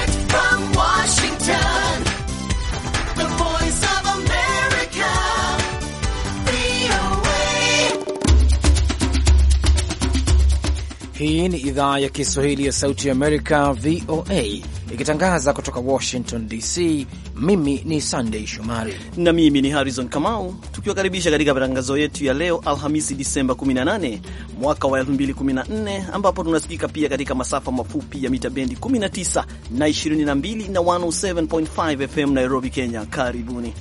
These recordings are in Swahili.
Direct from Washington, the voice of America, VOA. Hii ni idhaa ya Kiswahili ya Sauti ya Amerika, VOA ikitangaza kutoka Washington DC. Mimi ni sandey Shomari na mimi ni Harrison Kamau, tukiwakaribisha katika matangazo yetu ya leo Alhamisi, Disemba 18 mwaka wa 2014, ambapo tunasikika pia katika masafa mafupi ya mita bendi 19 na 22 na 107.5 FM Nairobi, Kenya. Karibuni.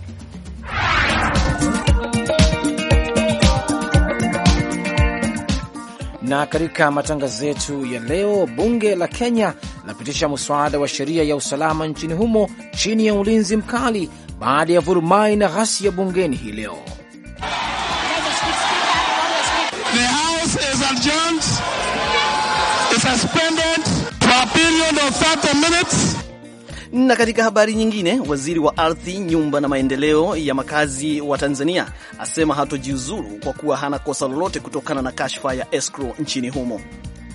Na katika matangazo yetu ya leo, bunge la Kenya lapitisha mswada wa sheria ya usalama nchini humo chini ya ulinzi mkali baada ya vurumai na ghasia bungeni hii leo. The House is na katika habari nyingine, waziri wa ardhi, nyumba na maendeleo ya makazi wa Tanzania asema hatojiuzuru kwa kuwa hana kosa lolote kutokana na kashfa ya escrow nchini humo.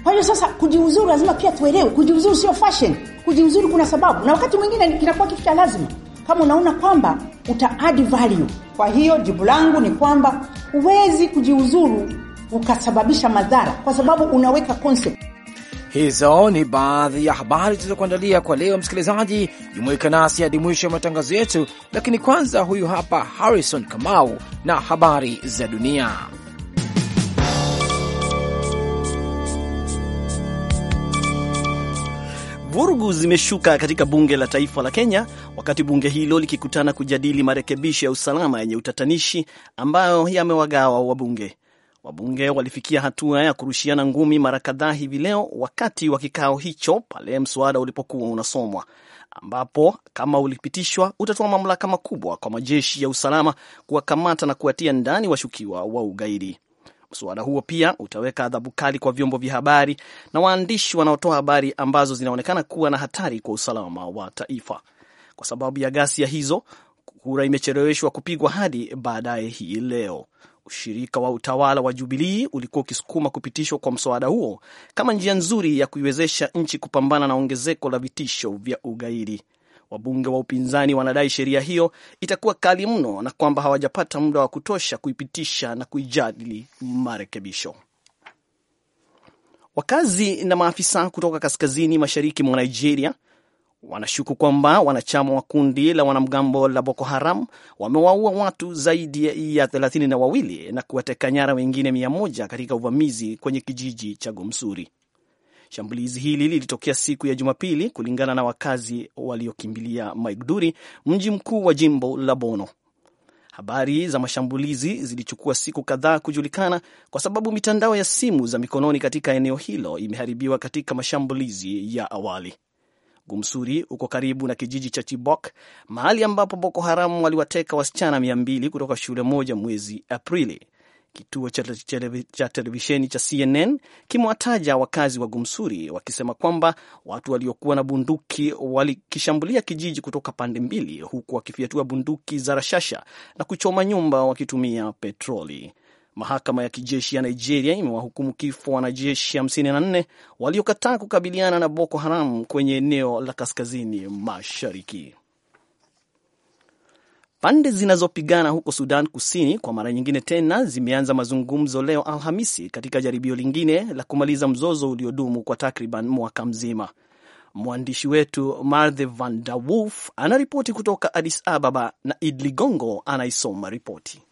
Kwa hiyo sasa, kujiuzuru lazima pia tuelewe, kujiuzuru sio fashion. Kujiuzuru kuna sababu, na wakati mwingine kinakuwa kitu cha lazima kama unaona kwamba uta add value. Kwa hiyo jibu langu ni kwamba huwezi kujiuzuru ukasababisha madhara, kwa sababu unaweka concept Hizo ni baadhi ya habari tulizokuandalia kwa leo. Msikilizaji, jumuika nasi hadi mwisho ya matangazo yetu, lakini kwanza, huyu hapa Harrison Kamau na habari za dunia. Vurugu zimeshuka katika bunge la taifa la Kenya wakati bunge hilo likikutana kujadili marekebisho ya usalama yenye utatanishi ambayo yamewagawa wabunge. Wabunge walifikia hatua ya kurushiana ngumi mara kadhaa hivi leo wakati wa kikao hicho pale mswada ulipokuwa unasomwa, ambapo kama ulipitishwa utatoa mamlaka makubwa kwa majeshi ya usalama kuwakamata na kuwatia ndani washukiwa wa ugaidi. Mswada huo pia utaweka adhabu kali kwa vyombo vya habari na waandishi wanaotoa habari ambazo zinaonekana kuwa na hatari kwa usalama wa taifa. Kwa sababu ya ghasia hizo, kura imecheleweshwa kupigwa hadi baadaye hii leo ushirika wa utawala wa Jubilii ulikuwa ukisukuma kupitishwa kwa mswada huo kama njia nzuri ya kuiwezesha nchi kupambana na ongezeko la vitisho vya ugaidi. Wabunge wa upinzani wanadai sheria hiyo itakuwa kali mno na kwamba hawajapata muda wa kutosha kuipitisha na kuijadili marekebisho. Wakazi na maafisa kutoka kaskazini mashariki mwa Nigeria wanashuku kwamba wanachama wa kundi la wanamgambo la Boko Haram wamewaua watu zaidi ya thelathini na wawili na kuwateka nyara wengine mia moja katika uvamizi kwenye kijiji cha Gomsuri. Shambulizi hili lilitokea siku ya Jumapili kulingana na wakazi waliokimbilia Maiduguri, mji mkuu wa jimbo la bono Habari za mashambulizi zilichukua siku kadhaa kujulikana kwa sababu mitandao ya simu za mikononi katika eneo hilo imeharibiwa katika mashambulizi ya awali. Gumsuri uko karibu na kijiji cha Chibok, mahali ambapo Boko Haram waliwateka wasichana mia mbili kutoka shule moja mwezi Aprili. Kituo cha televisheni cha CNN kimewataja wakazi wa Gumsuri wakisema kwamba watu waliokuwa na bunduki walikishambulia kijiji kutoka pande mbili, huku wakifiatua bunduki za rashasha na kuchoma nyumba wakitumia petroli. Mahakama ya kijeshi ya Nigeria imewahukumu kifo wanajeshi 54 waliokataa kukabiliana na Boko Haram kwenye eneo la kaskazini mashariki. Pande zinazopigana huko Sudan Kusini kwa mara nyingine tena zimeanza mazungumzo leo Alhamisi katika jaribio lingine la kumaliza mzozo uliodumu kwa takriban mwaka mzima. Mwandishi wetu Marthe Van Der Wolf anaripoti kutoka Addis Ababa na Id Ligongo anaisoma ripoti.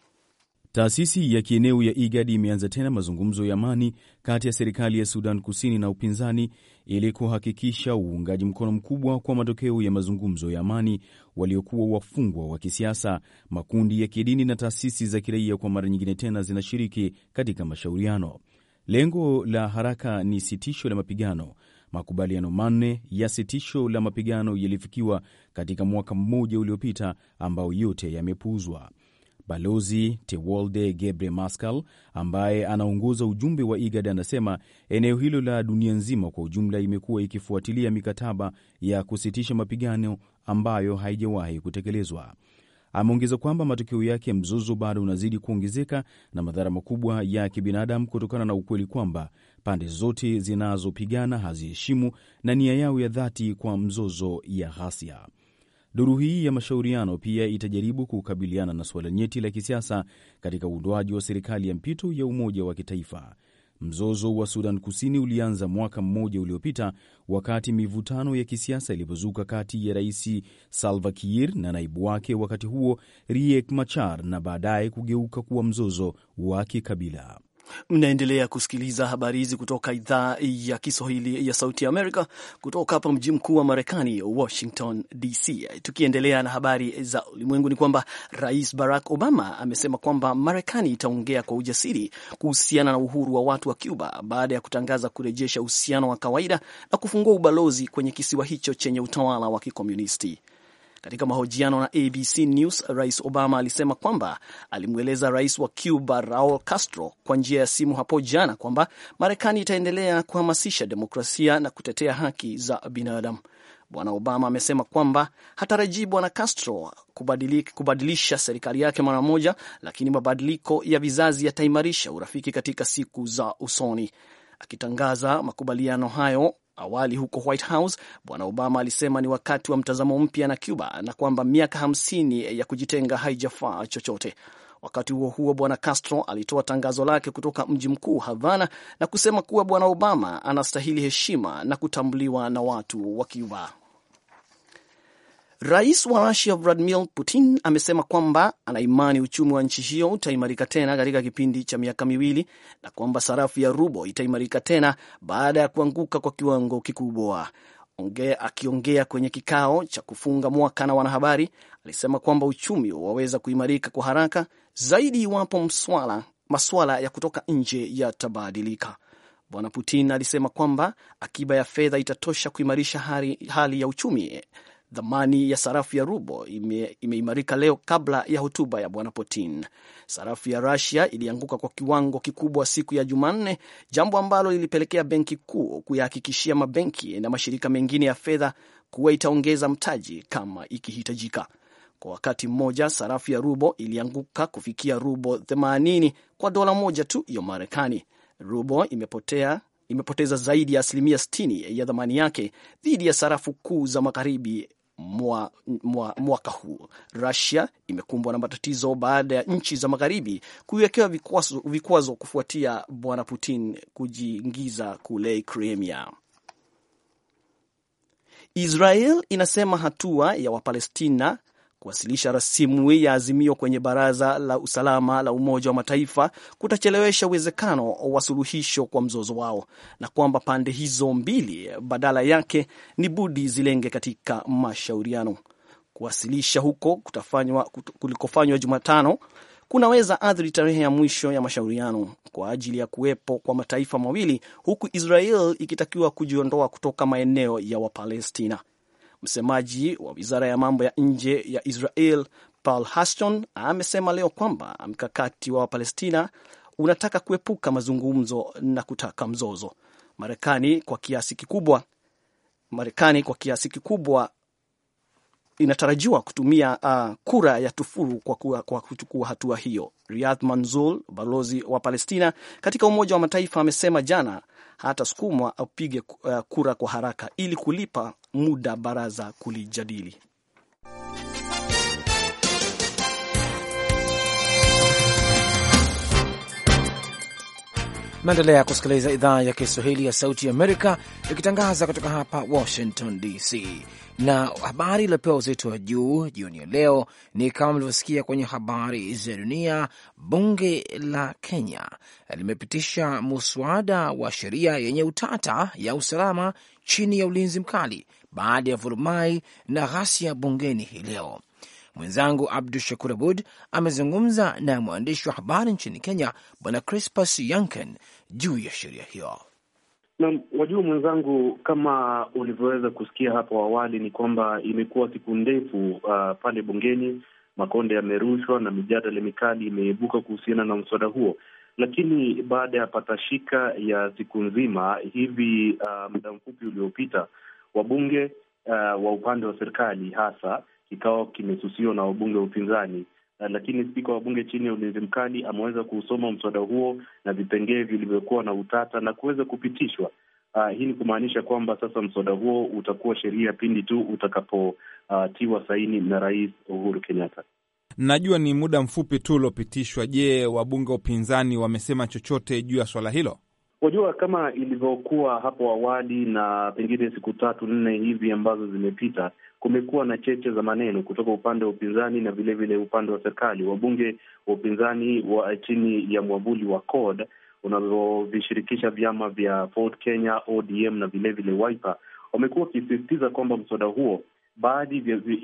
Taasisi ya kieneo ya IGAD imeanza tena mazungumzo ya amani kati ya serikali ya Sudan Kusini na upinzani ili kuhakikisha uungaji mkono mkubwa kwa matokeo ya mazungumzo ya amani waliokuwa wafungwa wa kisiasa, makundi ya kidini na taasisi za kiraia kwa mara nyingine tena zinashiriki katika mashauriano. Lengo la haraka ni sitisho la mapigano. Makubaliano manne ya sitisho la mapigano yalifikiwa katika mwaka mmoja uliopita, ambao yote yamepuuzwa. Balozi Tewolde Gebre Maskal ambaye anaongoza ujumbe wa IGAD anasema eneo hilo la dunia nzima kwa ujumla imekuwa ikifuatilia mikataba ya kusitisha mapigano ambayo haijawahi kutekelezwa. Ameongeza kwamba matokeo yake mzozo bado unazidi kuongezeka na madhara makubwa ya kibinadamu kutokana na ukweli kwamba pande zote zinazopigana haziheshimu na nia yao ya dhati kwa mzozo ya ghasia. Duru hii ya mashauriano pia itajaribu kukabiliana na suala nyeti la kisiasa katika uundwaji wa serikali ya mpito ya umoja wa kitaifa. Mzozo wa Sudan Kusini ulianza mwaka mmoja uliopita wakati mivutano ya kisiasa ilipozuka kati ya Rais Salva Kiir na naibu wake wakati huo Riek Machar, na baadaye kugeuka kuwa mzozo wa kikabila. Mnaendelea kusikiliza habari hizi kutoka idhaa ya Kiswahili ya Sauti ya Amerika kutoka hapa mji mkuu wa Marekani, Washington DC. Tukiendelea na habari za ulimwengu, ni kwamba Rais Barack Obama amesema kwamba Marekani itaongea kwa ujasiri kuhusiana na uhuru wa watu wa Cuba baada ya kutangaza kurejesha uhusiano wa kawaida na kufungua ubalozi kwenye kisiwa hicho chenye utawala wa kikomunisti. Katika mahojiano na ABC News, Rais Obama alisema kwamba alimweleza rais wa Cuba Raul Castro kwa njia ya simu hapo jana kwamba Marekani itaendelea kuhamasisha demokrasia na kutetea haki za binadamu. Bwana Obama amesema kwamba hatarajii Bwana Castro kubadilisha serikali yake mara moja, lakini mabadiliko ya vizazi yataimarisha urafiki katika siku za usoni. Akitangaza makubaliano hayo Awali huko White House, Bwana Obama alisema ni wakati wa mtazamo mpya na Cuba na kwamba miaka hamsini ya kujitenga haijafaa chochote. Wakati huo huo, Bwana Castro alitoa tangazo lake kutoka mji mkuu Havana na kusema kuwa Bwana Obama anastahili heshima na kutambuliwa na watu wa Cuba. Rais wa Rusia Vladimir Putin amesema kwamba anaimani uchumi wa nchi hiyo utaimarika tena katika kipindi cha miaka miwili na kwamba sarafu ya rubo itaimarika tena baada ya kuanguka kwa kiwango kikubwa. Akiongea kwenye kikao cha kufunga mwaka na wanahabari, alisema kwamba uchumi waweza kuimarika kwa haraka zaidi iwapo mswala masuala ya kutoka nje yatabadilika. Bwana Putin alisema kwamba akiba ya fedha itatosha kuimarisha hali ya uchumi Dhamani ya sarafu ya rubo imeimarika ime leo kabla ya hotuba ya bwana Putin. Sarafu ya Rusia ilianguka kwa kiwango kikubwa siku ya Jumanne, jambo ambalo lilipelekea benki kuu kuyahakikishia mabenki na mashirika mengine ya fedha kuwa itaongeza mtaji kama ikihitajika. Kwa wakati mmoja, sarafu ya rubo ilianguka kufikia rubo 80 kwa dola moja tu ya Marekani. Rubo imepotea imepoteza zaidi ya asilimia 60 ya dhamani yake dhidi ya sarafu kuu za magharibi mwa, mwa, mwaka huu. rasia imekumbwa na matatizo baada ya nchi za magharibi kuiwekewa vikwazo, vikwazo kufuatia bwana Putin kujiingiza kule Crimea. Israel inasema hatua ya Wapalestina Kuwasilisha rasimu ya azimio kwenye Baraza la Usalama la Umoja wa Mataifa kutachelewesha uwezekano wa suluhisho kwa mzozo wao, na kwamba pande hizo mbili badala yake ni budi zilenge katika mashauriano. Kuwasilisha huko kutafanywa kulikofanywa Jumatano kunaweza athiri tarehe ya mwisho ya mashauriano kwa ajili ya kuwepo kwa mataifa mawili, huku Israel ikitakiwa kujiondoa kutoka maeneo ya Wapalestina. Msemaji wa wizara ya mambo ya nje ya Israel Paul Haston amesema leo kwamba mkakati wa Wapalestina unataka kuepuka mazungumzo na kutaka mzozo. Marekani kwa kiasi kikubwa, Marekani kwa kiasi kikubwa inatarajiwa kutumia uh, kura ya tufuru kwa, kuwa, kwa kuchukua hatua hiyo. Riyad Manzur, balozi wa Palestina katika Umoja wa Mataifa, amesema jana hatasukumwa apige uh, kura kwa haraka ili kulipa muda baraza kulijadili. Naendelea kusikiliza idhaa ya Kiswahili ya Sauti Amerika ikitangaza kutoka hapa Washington DC, na habari iliyopewa uzito wa juu jioni ya leo ni kama mlivyosikia kwenye habari za dunia. Bunge la Kenya limepitisha muswada wa sheria yenye utata ya usalama chini ya ulinzi mkali baada ya vurumai na ghasia bungeni hii leo. Mwenzangu Abdu Shakur Abud amezungumza na mwandishi wa habari nchini Kenya, Bwana Crispus Yanken juu ya sheria hiyo. Naam, wajua mwenzangu, kama ulivyoweza kusikia hapo awali ni kwamba imekuwa siku ndefu uh, pale bungeni, makonde yamerushwa na mijadala mikali imeibuka kuhusiana na mswada huo, lakini baada ya patashika ya siku nzima hivi uh, muda mfupi uliopita wabunge uh, wa upande wa serikali hasa kikao kimesusiwa na wabunge wa upinzani uh, lakini spika wa bunge chini ya ulinzi mkali ameweza kuusoma mswada huo na vipengee vilivyokuwa na utata na kuweza kupitishwa. Uh, hii ni kumaanisha kwamba sasa mswada huo utakuwa sheria pindi tu utakapotiwa uh, saini na Rais Uhuru Kenyatta. Najua ni muda mfupi tu uliopitishwa. Je, wabunge wa upinzani wamesema chochote juu ya swala hilo? Wajua, kama ilivyokuwa hapo awali na pengine siku tatu nne hivi ambazo zimepita, kumekuwa na cheche za maneno kutoka upande wa upinzani na vilevile upande wa serikali. Wabunge wa upinzani wa chini ya mwavuli wa CORD unavyovishirikisha vyama vya Ford Kenya, ODM na vilevile Wiper wamekuwa wakisisitiza kwamba mswada huo, baadhi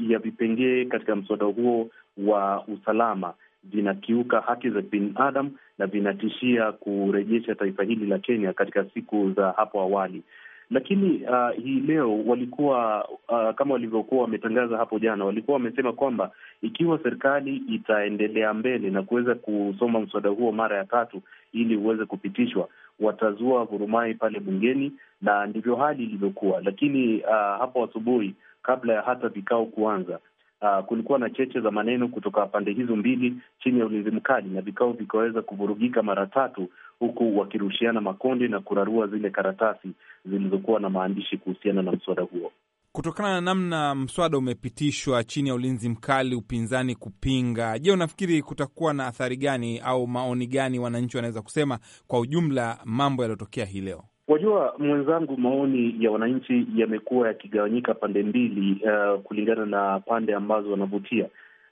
ya vipengee katika mswada huo wa usalama vinakiuka haki za binadamu na vinatishia kurejesha taifa hili la Kenya katika siku za hapo awali. Lakini uh, hii leo walikuwa uh, kama walivyokuwa wametangaza hapo jana, walikuwa wamesema kwamba ikiwa serikali itaendelea mbele na kuweza kusoma mswada huo mara ya tatu ili uweze kupitishwa, watazua vurumai pale bungeni, na ndivyo hali ilivyokuwa. Lakini uh, hapo asubuhi, kabla ya hata vikao kuanza, uh, kulikuwa na cheche za maneno kutoka pande hizo mbili chini ya ulinzi mkali, na vikao vikaweza kuvurugika mara tatu, huku wakirushiana makonde na kurarua zile karatasi zilizokuwa na maandishi kuhusiana na mswada huo. Kutokana na namna mswada umepitishwa chini ya ulinzi mkali, upinzani kupinga, je, unafikiri kutakuwa na athari gani au maoni gani wananchi wanaweza kusema kwa ujumla mambo yaliyotokea hii leo? Wajua mwenzangu, maoni ya wananchi yamekuwa yakigawanyika pande mbili, uh, kulingana na pande ambazo wanavutia,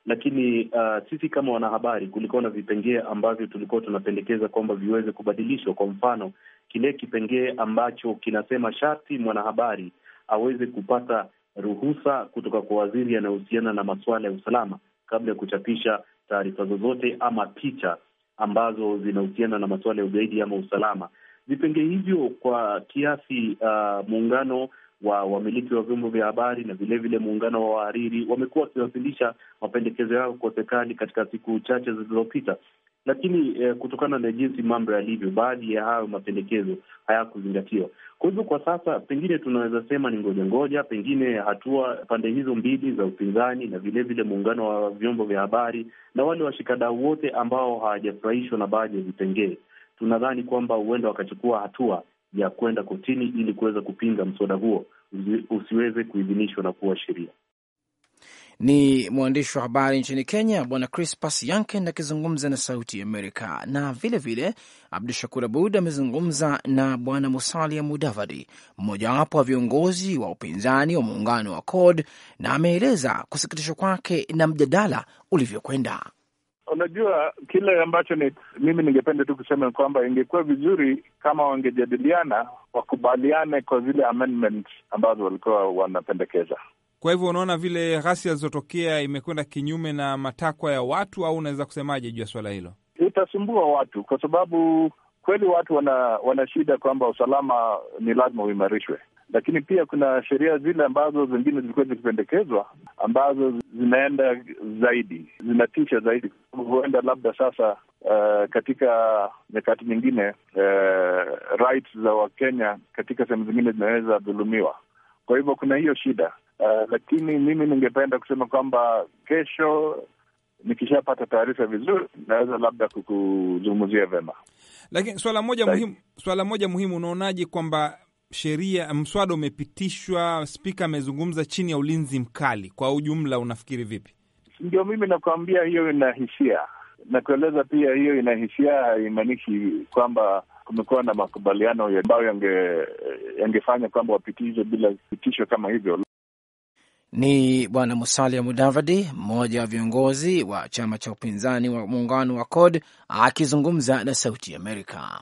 lakini uh, sisi kama wanahabari, kulikuwa na vipengee ambavyo tulikuwa tunapendekeza kwamba viweze kubadilishwa. Kwa mfano, kile kipengee ambacho kinasema sharti mwanahabari aweze kupata ruhusa kutoka kwa waziri yanayohusiana na masuala ya usalama kabla ya kuchapisha taarifa zozote ama picha ambazo zinahusiana na masuala ya ugaidi ama usalama vipenge hivyo kwa kiasi uh, muungano wa wamiliki wa vyombo vya habari na vilevile muungano wa wahariri wamekuwa wakiwasilisha mapendekezo yao kwa serikali katika siku chache zilizopita, lakini eh, kutokana na jinsi mambo yalivyo, baadhi ya hayo mapendekezo hayakuzingatiwa. Kwa hivyo kwa sasa pengine tunaweza sema ni ngoja ngoja, pengine hatua pande hizo mbili za upinzani na vilevile muungano wa vyombo vya habari na wale washikadau wote ambao hawajafurahishwa na baadhi ya vipengee tunadhani kwamba huenda wakachukua hatua ya kwenda kotini ili kuweza kupinga mswada huo usiweze kuidhinishwa na kuwa sheria. Ni mwandishi wa habari nchini Kenya, Bwana Crispas Yanken akizungumza na Sauti ya Amerika. Na vilevile Abdu Shakur Abud amezungumza na Bwana Musalia Mudavadi, mmojawapo wa viongozi wa upinzani wa muungano wa CORD, na ameeleza kusikitishwa kwake na mjadala ulivyokwenda. Unajua, kile ambacho ni mimi ningependa tu kusema kwamba ingekuwa vizuri kama wangejadiliana, wakubaliane kwa zile ambazo walikuwa wanapendekeza. Kwa hivyo unaona vile ghasia zilizotokea imekwenda kinyume na matakwa ya watu, au unaweza kusemaje juu ya swala hilo? Itasumbua watu kwa sababu kweli watu wana, wana shida kwamba usalama ni lazima uimarishwe, lakini pia kuna sheria zile ambazo zingine zilikuwa zikipendekezwa ambazo zinaenda zaidi, zinatisha zaidi. Huenda labda sasa, uh, katika nyakati nyingine, uh, rights za Wakenya katika sehemu zingine zinaweza dhulumiwa. Kwa hivyo kuna hiyo shida uh, lakini mimi ningependa kusema kwamba kesho nikishapata taarifa vizuri naweza labda kukuzungumzia vema, lakini swala moja muhimu, swala moja muhimu, unaonaje kwamba sheria mswada umepitishwa, spika amezungumza chini ya ulinzi mkali. Kwa ujumla, unafikiri vipi? Ndio, mimi nakuambia hiyo ina hisia na kueleza pia, hiyo ina hisia haimaanishi kwamba kumekuwa na makubaliano ambayo yange, yangefanya kwamba wapitishwe bila pitisho kama hivyo. Ni Bwana Musalia Mudavadi, mmoja wa viongozi wa chama cha upinzani wa muungano wa CORD akizungumza na Sauti Amerika.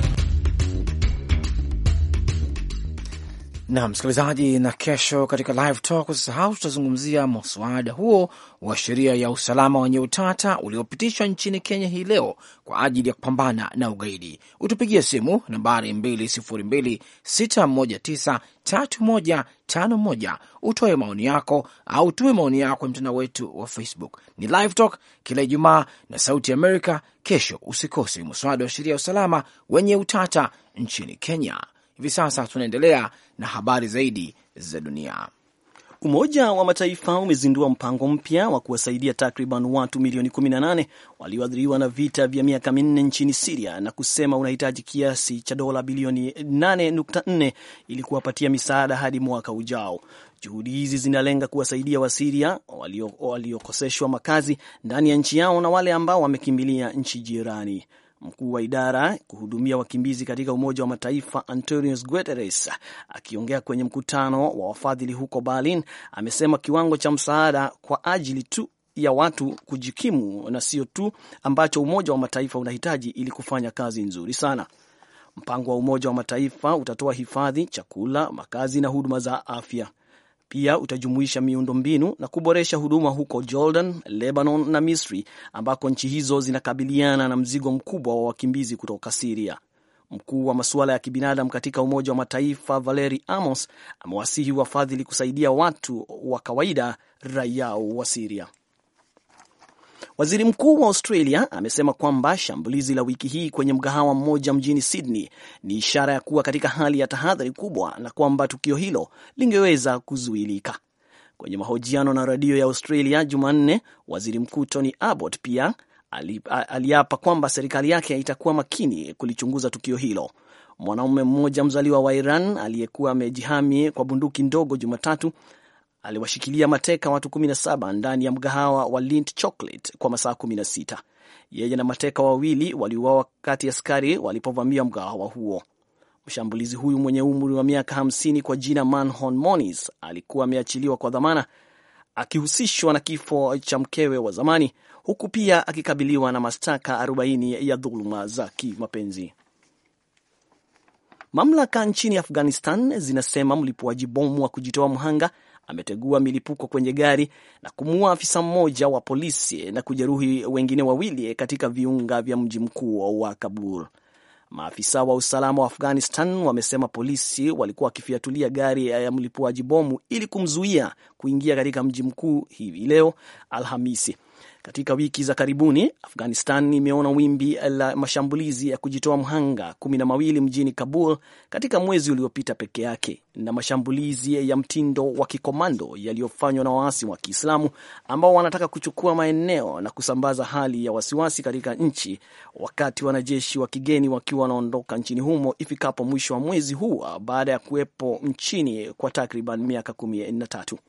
na msikilizaji, na kesho katika Live Talk usisahau, tutazungumzia mswada huo wa sheria ya usalama wenye utata uliopitishwa nchini Kenya hii leo kwa ajili ya kupambana na ugaidi. Utupigie simu nambari 2026193151 utoe maoni yako au utume maoni yako kwenye mtandao wetu wa Facebook. Ni Live Talk kila Ijumaa na Sauti Amerika. Kesho usikose mswada wa sheria ya usalama wenye utata nchini Kenya. Hivi sasa tunaendelea na habari zaidi za dunia. Umoja wa Mataifa umezindua mpango mpya wa kuwasaidia takriban watu milioni 18 walioathiriwa na vita vya miaka minne nchini Siria na kusema unahitaji kiasi cha dola bilioni 8.4 ili kuwapatia misaada hadi mwaka ujao. Juhudi hizi zinalenga kuwasaidia Wasiria waliokoseshwa walio makazi ndani ya nchi yao na wale ambao wamekimbilia nchi jirani mkuu wa idara kuhudumia wakimbizi katika Umoja wa Mataifa Antonios Guterres akiongea kwenye mkutano wa wafadhili huko Berlin amesema kiwango cha msaada kwa ajili tu ya watu kujikimu na sio tu ambacho Umoja wa Mataifa unahitaji ili kufanya kazi nzuri sana. Mpango wa Umoja wa Mataifa utatoa hifadhi, chakula, makazi na huduma za afya. Pia utajumuisha miundombinu na kuboresha huduma huko Jordan, Lebanon na Misri, ambako nchi hizo zinakabiliana na mzigo mkubwa wa wakimbizi kutoka Siria. Mkuu wa masuala ya kibinadamu katika Umoja wa Mataifa Valeri Amos amewasihi wafadhili kusaidia watu wa kawaida, raia wa Siria. Waziri mkuu wa Australia amesema kwamba shambulizi la wiki hii kwenye mgahawa mmoja mjini Sydney ni ishara ya kuwa katika hali ya tahadhari kubwa na kwamba tukio hilo lingeweza kuzuilika. Kwenye mahojiano na redio ya Australia Jumanne, waziri mkuu Tony Abbott pia aliapa kwamba serikali yake itakuwa makini kulichunguza tukio hilo. Mwanaume mmoja mzaliwa wa Iran aliyekuwa amejihami kwa bunduki ndogo Jumatatu aliwashikilia mateka watu 17 ndani ya mgahawa wa Lindt Chocolate kwa masaa 16. Yeye na mateka wawili waliuawa wakati askari walipovamia mgahawa huo. Mshambulizi huyu mwenye umri wa miaka 50 kwa jina Manhon Moniz alikuwa ameachiliwa kwa dhamana akihusishwa na kifo cha mkewe wa zamani, huku pia akikabiliwa na mashtaka 40 ya dhuluma za kimapenzi. Mamlaka nchini Afghanistan zinasema mlipuaji bomu wa kujitoa mhanga ametegua milipuko kwenye gari na kumuua afisa mmoja wa polisi na kujeruhi wengine wawili katika viunga vya mji mkuu wa Kabul. Maafisa wa usalama wa Afghanistan wamesema polisi walikuwa wakifiatulia gari ya mlipuaji bomu ili kumzuia kuingia katika mji mkuu hivi leo Alhamisi. Katika wiki za karibuni, Afghanistan imeona wimbi la mashambulizi ya kujitoa mhanga kumi na mawili mjini Kabul katika mwezi uliopita peke yake na mashambulizi ya mtindo wa kikomando yaliyofanywa na waasi wa Kiislamu ambao wanataka kuchukua maeneo na kusambaza hali ya wasiwasi katika nchi, wakati wanajeshi wa kigeni wakiwa wanaondoka nchini humo ifikapo mwisho wa mwezi huu baada ya kuwepo nchini kwa takriban miaka kumi na tatu.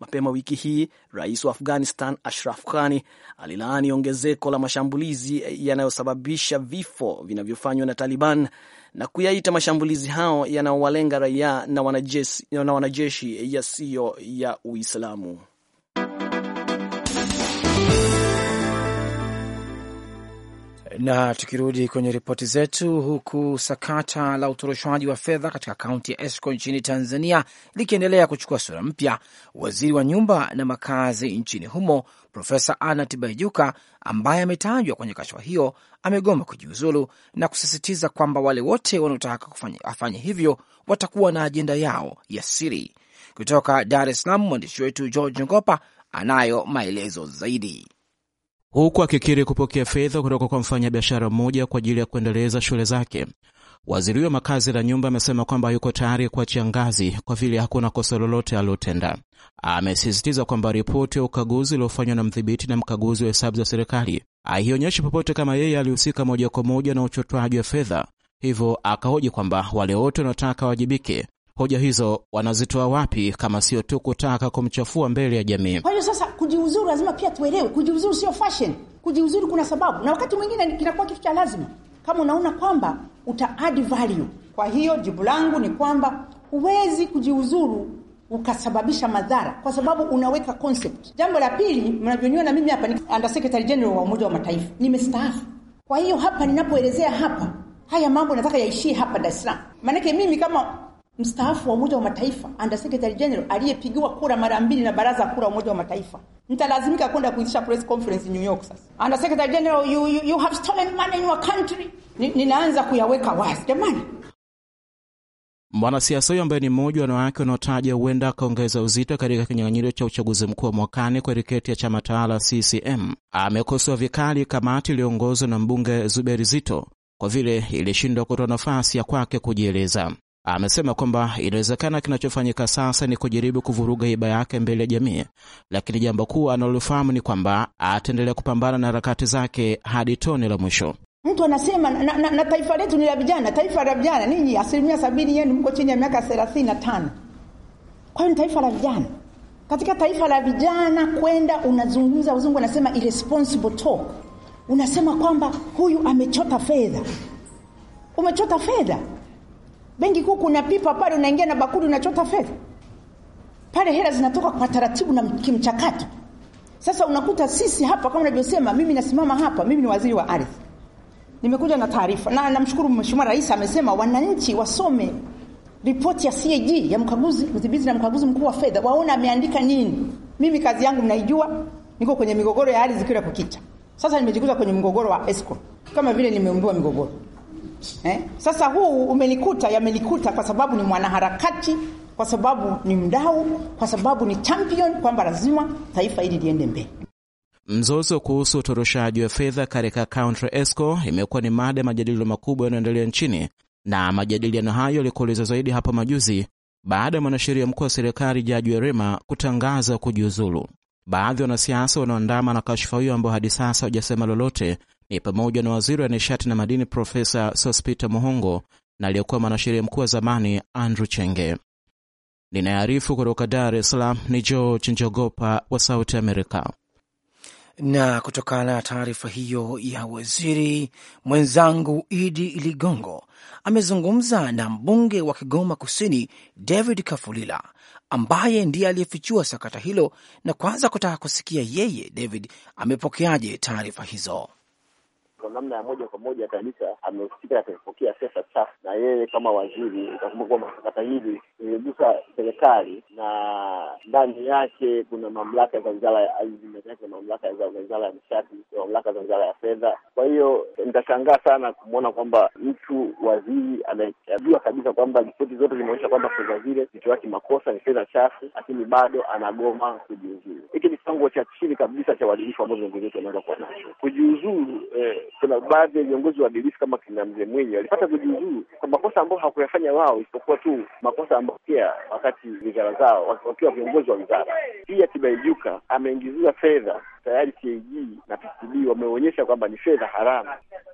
Mapema wiki hii rais wa Afghanistan Ashraf Ghani alilaani ongezeko la mashambulizi yanayosababisha vifo vinavyofanywa na Taliban na kuyaita mashambulizi hao yanayowalenga raia na wanajeshi yasiyo ya Uislamu. Na tukirudi kwenye ripoti zetu, huku sakata la utoroshwaji wa fedha katika kaunti ya Esco nchini Tanzania likiendelea kuchukua sura mpya, waziri wa nyumba na makazi nchini humo Profesa Anna Tibaijuka, ambaye ametajwa kwenye kashfa hiyo, amegoma kujiuzulu na kusisitiza kwamba wale wote wanaotaka afanye hivyo watakuwa na ajenda yao ya siri. Kutoka Dar es Salaam, mwandishi wetu George Njogopa anayo maelezo zaidi huku akikiri kupokea fedha kutoka kwa mfanyabiashara mmoja kwa ajili ya kuendeleza shule zake. Waziri huyo makazi na nyumba amesema kwamba yuko tayari kuachia ngazi kwa vile hakuna kosa lolote alilotenda. Amesisitiza kwamba ripoti ya ukaguzi uliofanywa na mdhibiti na mkaguzi wa hesabu za serikali haionyeshi popote kama yeye alihusika moja kwa moja na uchotwaji wa fedha, hivyo akahoji kwamba wale wote wanaotaka wajibike Hoja hizo wanazitoa wapi kama sio tu kutaka kumchafua mbele ya jamii? Kwa hiyo sasa, kujiuzuru lazima pia tuelewe, kujiuzuru sio fashion. Kujiuzuru kuna sababu, na wakati mwingine kinakuwa kitu cha lazima kama unaona kwamba uta add value. Kwa hiyo jibu langu ni kwamba huwezi kujiuzuru ukasababisha madhara kwa sababu unaweka concept. Jambo la pili, mnavyoniona na mimi hapa ni Under Secretary General wa Umoja wa Mataifa, nimestaafu. Kwa hiyo hapa ninapoelezea hapa haya mambo nataka yaishie hapa Dar es Salaam, maanake mimi kama mstaafu wa Umoja wa Mataifa Under Secretary General aliyepigiwa kura mara mbili na baraza kura Umoja wa Mataifa, mtalazimika kwenda kuitisha press conference New York. Sasa Under Secretary General, you, you, you have stolen money in your country. ninaanza kuyaweka wazi jamani. Mwanasiasa huyo ambaye ni mmoja wa wanawake wanaotaja huenda akaongeza uzito katika kinyang'anyiro cha uchaguzi mkuu wa mwakani kwa tiketi ya chama tawala CCM amekosoa vikali kamati iliyoongozwa na mbunge Zuberi Zito kwa vile ilishindwa kutoa nafasi ya kwake kujieleza. Amesema kwamba inawezekana kinachofanyika sasa ni kujaribu kuvuruga hiba yake mbele ya jamii, lakini jambo kuu analofahamu ni kwamba ataendelea kupambana na harakati zake hadi tone la mwisho. Mtu anasema na, na, na taifa letu ni la vijana. Taifa la vijana, ninyi asilimia sabini yenu mko chini ya miaka thelathini na tano. Kwa hiyo ni taifa la vijana. Katika taifa la vijana kwenda unazungumza, wazungu anasema irresponsible talk, unasema kwamba huyu amechota fedha. Umechota fedha benki kuu kuna pipa pale, unaingia na bakuli, unachota fedha pale, hela zinatoka kwa taratibu na kimchakato. Sasa unakuta sisi hapa kama unavyosema, mimi nasimama hapa, mimi ni waziri wa ardhi, nimekuja na taarifa, na namshukuru Mheshimiwa Rais amesema wananchi wasome ripoti ya CAG ya mkaguzi mdhibiti na mkaguzi mkuu wa fedha, waone ameandika nini. Mimi kazi yangu mnaijua, niko kwenye migogoro ya ardhi kila kukicha. Sasa nimejikuta kwenye mgogoro wa escrow, kama vile nimeumbiwa migogoro eh? Sasa huu umenikuta, yamenikuta kwa sababu ni mwanaharakati, kwa sababu ni mdau, kwa sababu ni champion, kwamba lazima taifa hili liende mbele. Mzozo kuhusu utoroshaji wa fedha katika kaunti Esco imekuwa ni mada ya majadiliano makubwa yanayoendelea nchini, na majadiliano hayo yalikueleza zaidi hapo majuzi baada ya mwanasheria mkuu wa serikali Jaji Werema kutangaza kujiuzulu. Baadhi ya wanasiasa wanaoandama na kashfa hiyo ambao hadi sasa hawajasema lolote ni pamoja na waziri wa nishati na madini Profesa Sospeter Muhongo na aliyekuwa mwanasheria mkuu wa zamani Andrew Chenge. Ninayearifu kutoka Dar es Salaam ni George Njogopa wa Sauti Amerika. Na kutokana na taarifa hiyo ya waziri mwenzangu, Idi Ligongo amezungumza na mbunge wa Kigoma Kusini David Kafulila ambaye ndiye aliyefichua sakata hilo, na kwanza kutaka kusikia yeye David amepokeaje taarifa hizo kwa namna ya moja kwa moja kabisa amehusika katika kupokea pesa chafu, na yeye kama waziri, utakumbuka kwamba sakata hili liligusa serikali na ndani yake kuna mamlaka za wizara ya ardhi, ndani mamlaka za wizara ya nishati, na mamlaka za wizara ya fedha kwa hiyo nitashangaa sana kumwona kwamba mtu waziri anajua kabisa kwamba ripoti zote zimeonyesha kwamba fedha zile zilitolewa kimakosa, ni fedha chafu, lakini bado anagoma kujiuzuru. Hiki ni kiwango cha chini kabisa cha uadilifu ambao viongozi wetu wanaweza kuwa nacho kujiuzuru. Eh, kuna eh, baadhi ya viongozi waadilifu kama kina mzee Mwinyi walipata kujiuzuru kwa makosa ambayo hawakuyafanya wao, isipokuwa tu makosa ambayo pia wakati wizara zao wakiwa viongozi wa wizara. Pia Tibaijuka ameingiziwa fedha tayari CAG na PCB wameonyesha kwamba ni fedha haramu,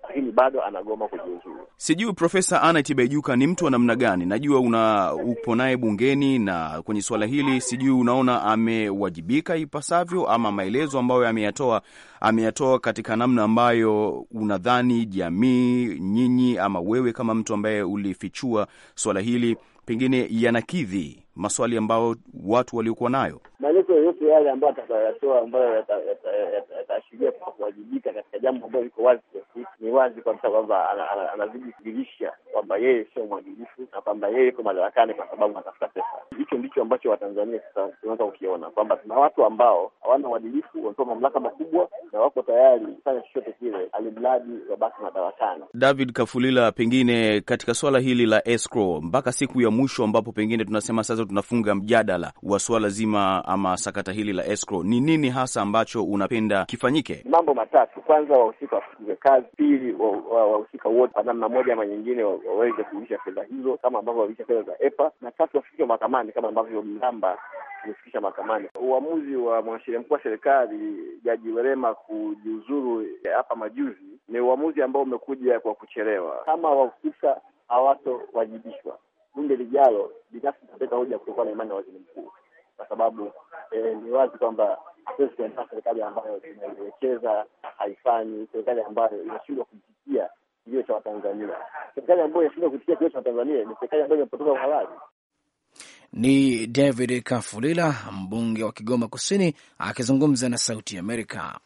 lakini bado anagoma kujiuzulu. Sijui Profesa Anna Tibaijuka ni mtu wa namna gani? Najua una upo naye bungeni na kwenye suala hili, sijui unaona amewajibika ipasavyo, ama maelezo ambayo ameyatoa ameyatoa katika namna ambayo unadhani jamii, nyinyi ama wewe kama mtu ambaye ulifichua suala hili pengine yanakidhi maswali ambayo watu waliokuwa nayo, maelezo yoyote yale ambayo atakayoyatoa ambayo yataashiria kwa kuwajibika katika jambo ambayo liko wazi ni wazi kabisa kwamba anazidi kujulisha kwamba yeye sio mwadilifu na kwamba yeye iko madarakani kwa sababu anatafuta pesa ndicho ambacho Watanzania sasa tunaanza kukiona kwamba tuna watu ambao hawana uadilifu, wanapewa mamlaka makubwa na wako tayari kufanya chochote kile, alimradi wabaki madarakani. David Kafulila, pengine katika swala hili la escrow, mpaka siku ya mwisho ambapo pengine tunasema sasa tunafunga mjadala wa swala zima ama sakata hili la escrow, ni nini hasa ambacho unapenda kifanyike? Mambo matatu. Kwanza, wahusika wafukuzwe kazi. Pili, wahusika wote kwa namna moja ama nyingine waweze kurudisha fedha hizo kama ambavyo warudisha fedha za EPA, na tatu, wafikishwe mahakamani kama ambavyo mnamba amefikisha mahakamani. Uamuzi wa mwanasheria mkuu wa serikali Jaji Werema kujiuzuru eh, hapa majuzi ni uamuzi ambao umekuja kwa kuchelewa. Kama wahusika hawatowajibishwa, bunge lijalo binafsi itapeka hoja kutokuwa na imani na waziri mkuu, kwa sababu eh, ni wazi kwamba hatuwezi kuendea serikali ambayo inaiwekeza haifanyi, serikali ambayo inashindwa kujitikia kilio cha Watanzania. Serikali ambayo inashindwa kujitikia kilio cha Watanzania ni serikali ambayo imepotoka uhalali. Ni David Kafulila, mbunge wa Kigoma Kusini, akizungumza na Sauti Amerika.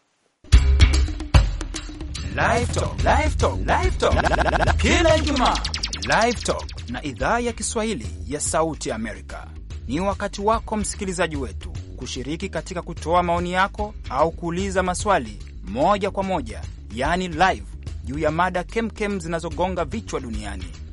Kila Ijumaa Live Talk na idhaa ya Kiswahili ya Sauti Amerika ni wakati wako msikilizaji wetu kushiriki katika kutoa maoni yako au kuuliza maswali moja kwa moja, yaani live, juu ya mada kemkem zinazogonga vichwa duniani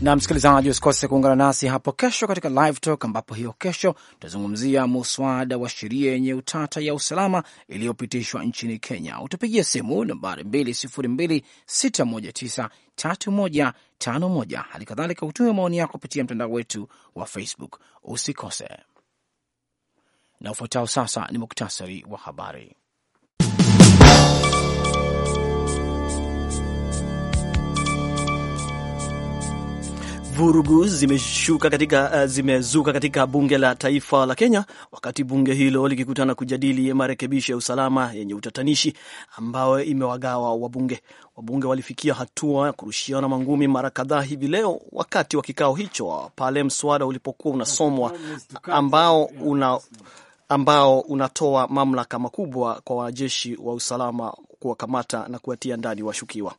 Na msikilizaji, usikose kuungana nasi hapo kesho katika Live Talk, ambapo hiyo kesho tutazungumzia muswada wa sheria yenye utata ya usalama iliyopitishwa nchini Kenya. Utupigia simu nambari 2026193151. Hali kadhalika utume maoni yako kupitia mtandao wetu wa Facebook. Usikose. Na ufuatao sasa ni muktasari wa habari. Vurugu zimeshuka katika, eh, zimezuka katika bunge la taifa la Kenya wakati bunge hilo likikutana kujadili marekebisho ya usalama yenye utatanishi ambayo imewagawa wabunge. Wabunge walifikia hatua ya kurushiana mangumi mara kadhaa hivi leo wakati wa kikao hicho pale mswada ulipokuwa unasomwa ambao una ambao unatoa mamlaka makubwa kwa wanajeshi wa usalama kuwakamata na kuwatia ndani washukiwa.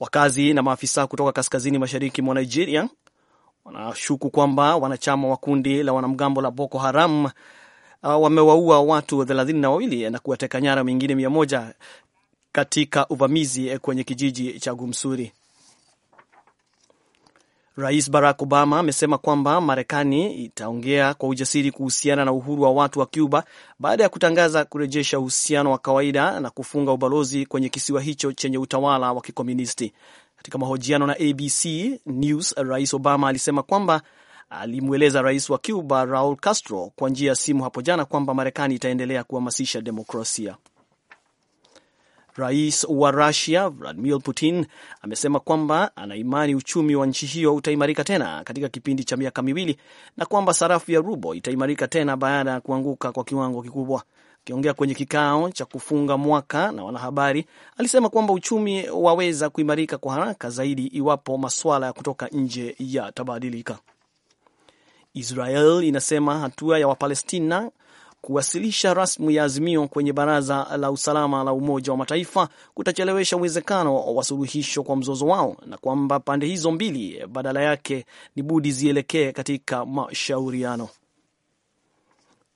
Wakazi na maafisa kutoka kaskazini mashariki mwa Nigeria wanashuku kwamba wanachama wa kundi la wanamgambo la Boko Haram uh, wamewaua watu thelathini na wawili na kuwateka nyara wengine mia moja katika uvamizi eh, kwenye kijiji cha Gumsuri. Rais Barack Obama amesema kwamba Marekani itaongea kwa ujasiri kuhusiana na uhuru wa watu wa Cuba baada ya kutangaza kurejesha uhusiano wa kawaida na kufunga ubalozi kwenye kisiwa hicho chenye utawala wa kikomunisti. Katika mahojiano na ABC News, Rais Obama alisema kwamba alimweleza rais wa Cuba Raul Castro kwa njia ya simu hapo jana kwamba Marekani itaendelea kuhamasisha demokrasia. Rais wa Rusia Vladimir Putin amesema kwamba anaimani uchumi wa nchi hiyo utaimarika tena katika kipindi cha miaka miwili na kwamba sarafu ya rubo itaimarika tena baada ya kuanguka kwa kiwango kikubwa. Akiongea kwenye kikao cha kufunga mwaka na wanahabari, alisema kwamba uchumi waweza kuimarika kwa haraka zaidi iwapo masuala ya kutoka nje yatabadilika. Israel inasema hatua ya Wapalestina Kuwasilisha rasmi ya azimio kwenye Baraza la Usalama la Umoja wa Mataifa kutachelewesha uwezekano wa suluhisho kwa mzozo wao na kwamba pande hizo mbili badala yake ni budi zielekee katika mashauriano.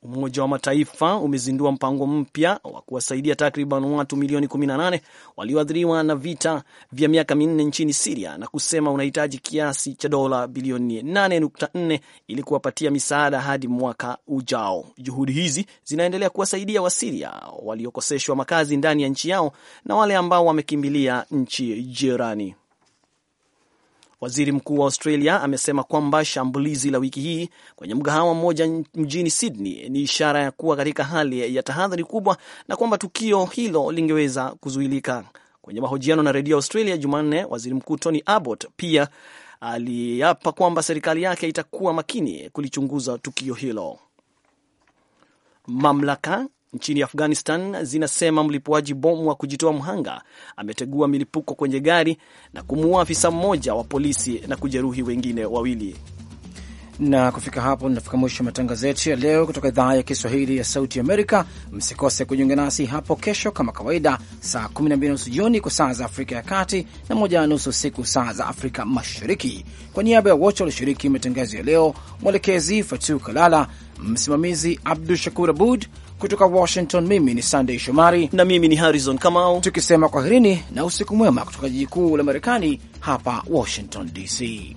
Umoja wa Mataifa umezindua mpango mpya wa kuwasaidia takriban watu milioni 18 walioathiriwa na vita vya miaka minne nchini Siria na kusema unahitaji kiasi cha dola bilioni 8.4 ili kuwapatia misaada hadi mwaka ujao. Juhudi hizi zinaendelea kuwasaidia Wasiria waliokoseshwa makazi ndani ya nchi yao na wale ambao wamekimbilia nchi jirani. Waziri mkuu wa Australia amesema kwamba shambulizi la wiki hii kwenye mgahawa mmoja mjini Sydney ni ishara ya kuwa katika hali ya tahadhari kubwa na kwamba tukio hilo lingeweza kuzuilika. Kwenye mahojiano na redio Australia Jumanne, waziri mkuu Tony Abbott pia aliapa kwamba serikali yake itakuwa makini kulichunguza tukio hilo. Mamlaka nchini Afghanistan zinasema mlipuaji bomu wa kujitoa mhanga ametegua milipuko kwenye gari na kumuua afisa mmoja wa polisi na kujeruhi wengine wawili. Na kufika hapo, tunafika mwisho wa matangazo yetu ya leo kutoka idhaa ya Kiswahili ya Sauti Amerika. Msikose kujiunga nasi hapo kesho kama kawaida, saa 12:30 jioni kwa saa za Afrika ya Kati na nusu usiku saa za Afrika Mashariki. Kwa niaba ya wote walioshiriki matangazo ya leo, mwelekezi Fatu Kalala, msimamizi Abdu Shakur Abud, Kutoka Washington, mimi ni Shomari na mimi ni Harrison Kamau, tukisema kwaherini na usiku mwema kutoka jiji kuu la Marekani, hapa Washington DC.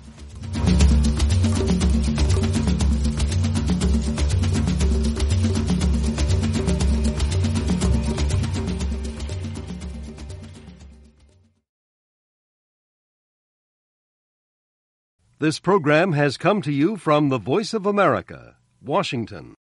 This program has come to you from the Voice of America, Washington.